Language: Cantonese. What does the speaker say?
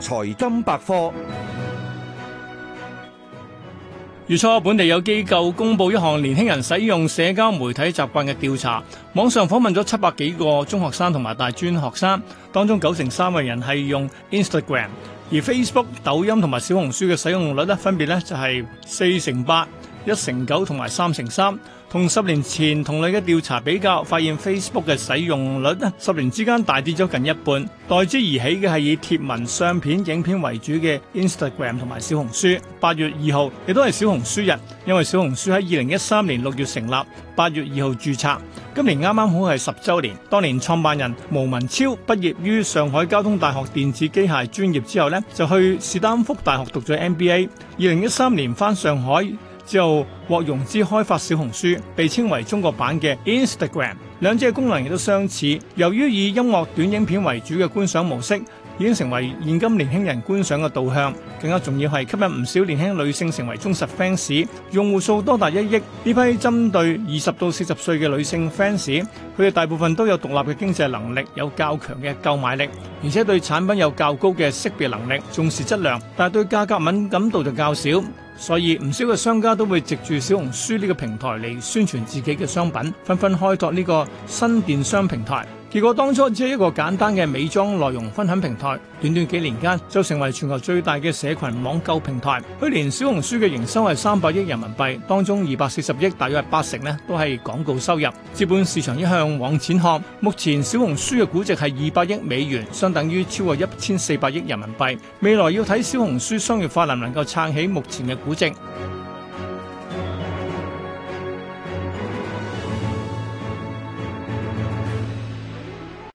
財金百科。月初，本地有機構公布一項年輕人使用社交媒體習慣嘅調查，網上訪問咗七百幾個中學生同埋大專學生，當中九成三嘅人係用 Instagram，而 Facebook、抖音同埋小紅書嘅使用率咧，分別咧就係四成八。一成九同埋三成三，同十年前同類嘅調查比較，發現 Facebook 嘅使用率呢十年之間大跌咗近一半。代之而起嘅係以貼文、相片、影片為主嘅 Instagram 同埋小紅書。八月二號亦都係小紅書日，因為小紅書喺二零一三年六月成立，八月二號注冊，今年啱啱好係十周年。當年創辦人毛文超畢業於上海交通大學電子機械專業之後呢，就去士丹福大學讀咗 MBA。二零一三年翻上海。之後獲融資開發小紅書，被稱為中國版嘅 Instagram，兩者嘅功能亦都相似。由於以音樂短影片為主嘅觀賞模式，已經成為現今年輕人觀賞嘅導向。更加重要係吸引唔少年輕女性成為忠實 fans，用戶數多達一億。呢批針對二十到四十歲嘅女性 fans，佢哋大部分都有獨立嘅經濟能力，有較強嘅購買力，而且對產品有較高嘅識別能力，重視質量，但係對價格敏感度就較少。所以唔少嘅商家都會藉住小紅書呢個平台嚟宣傳自己嘅商品，紛紛開拓呢個新電商平台。結果當初只係一個簡單嘅美妝內容分享平台，短短幾年間就成為全球最大嘅社群網購平台。去年小紅書嘅營收係三百億人民幣，當中二百四十億大約係八成呢，都係廣告收入。資本市場一向往錢看，目前小紅書嘅估值係二百億美元，相等於超過一千四百億人民幣。未來要睇小紅書商業化能唔能夠撐起目前嘅估值。